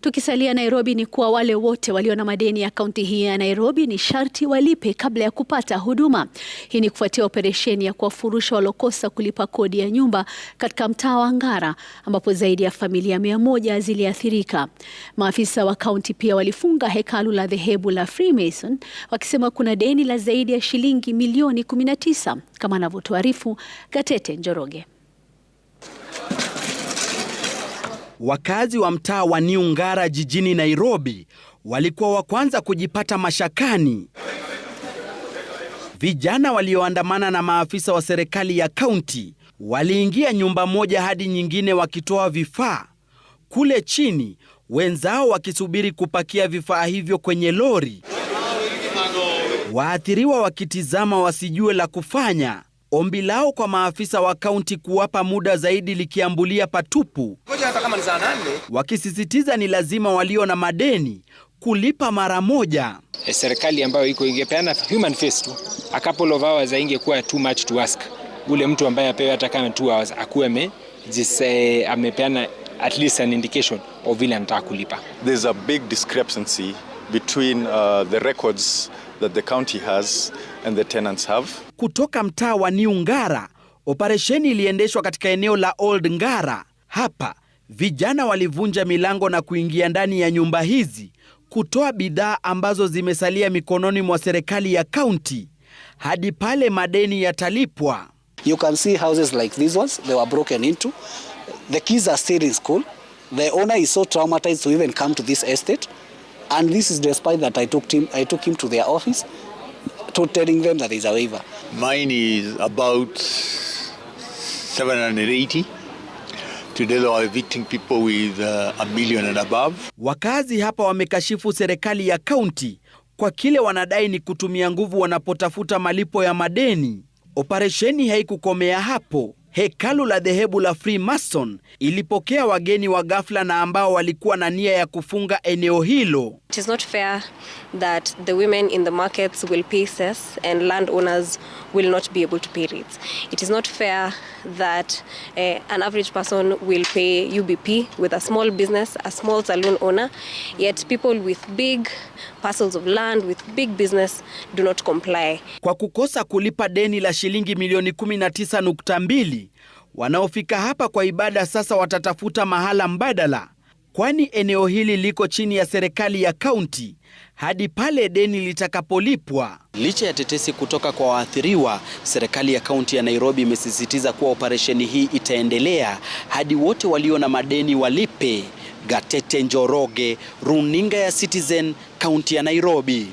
Tukisalia Nairobi ni kuwa wale wote walio na madeni ya kaunti hii ya Nairobi ni sharti walipe kabla ya kupata huduma. Hii ni kufuatia operesheni ya kuwafurusha waliokosa kulipa kodi ya nyumba katika mtaa wa Ngara ambapo zaidi ya familia mia moja ziliathirika. Maafisa wa kaunti pia walifunga hekalu la dhehebu la Freemason wakisema kuna deni la zaidi ya shilingi milioni 19 kama anavyotuarifu Gatete Njoroge. Wakazi wa mtaa wa Niungara jijini Nairobi walikuwa wa kwanza kujipata mashakani. Vijana walioandamana na maafisa wa serikali ya kaunti waliingia nyumba moja hadi nyingine wakitoa vifaa. Kule chini wenzao wakisubiri kupakia vifaa hivyo kwenye lori, waathiriwa wakitizama wasijue la kufanya. Ombi lao kwa maafisa wa kaunti kuwapa muda zaidi likiambulia patupu, moja hata kama ni saa nane. Wakisisitiza ni lazima walio na madeni kulipa mara moja. E, serikali ambayo iko ingepeana human face tu, a couple of hours haingekuwa too much to ask. Ule mtu ambaye apewe hata kama 2 hours akuwe eh, amepeana at least an indication of vile anataka kulipa. There's a big discrepancy between uh, the records that the county has and the tenants have. Kutoka mtaa wa New Ngara, operesheni iliendeshwa katika eneo la Old Ngara hapa Vijana walivunja milango na kuingia ndani ya nyumba hizi kutoa bidhaa ambazo zimesalia mikononi mwa serikali ya kaunti hadi pale madeni yatalipwa. You can see houses like these ones, they were broken into. The kids are still in school. The owner is so traumatized to even come to this estate. And this is despite that I took him, I took him to their office to telling them that there is a waiver. Mine is about 780. Today they are evicting people with uh, a million and above. Wakazi hapa wamekashifu serikali ya kaunti kwa kile wanadai ni kutumia nguvu wanapotafuta malipo ya madeni. Operesheni haikukomea hapo Hekalu la dhehebu la Freemason ilipokea wageni wa ghafla na ambao walikuwa na nia ya kufunga eneo hilo. It is not fair that the women in the markets will pay cess and landowners will not be able to pay rates. It is not fair that uh, an average person will pay UBP with a small business, a small saloon owner, yet people with big parcels of land with big business do not comply. Kwa kukosa kulipa deni la shilingi milioni 19.2 zaidi, wanaofika hapa kwa ibada sasa watatafuta mahala mbadala, kwani eneo hili liko chini ya serikali ya kaunti hadi pale deni litakapolipwa. Licha ya tetesi kutoka kwa waathiriwa, serikali ya kaunti ya Nairobi imesisitiza kuwa operesheni hii itaendelea hadi wote walio na madeni walipe. Gatete Njoroge, runinga ya Citizen, kaunti ya Nairobi.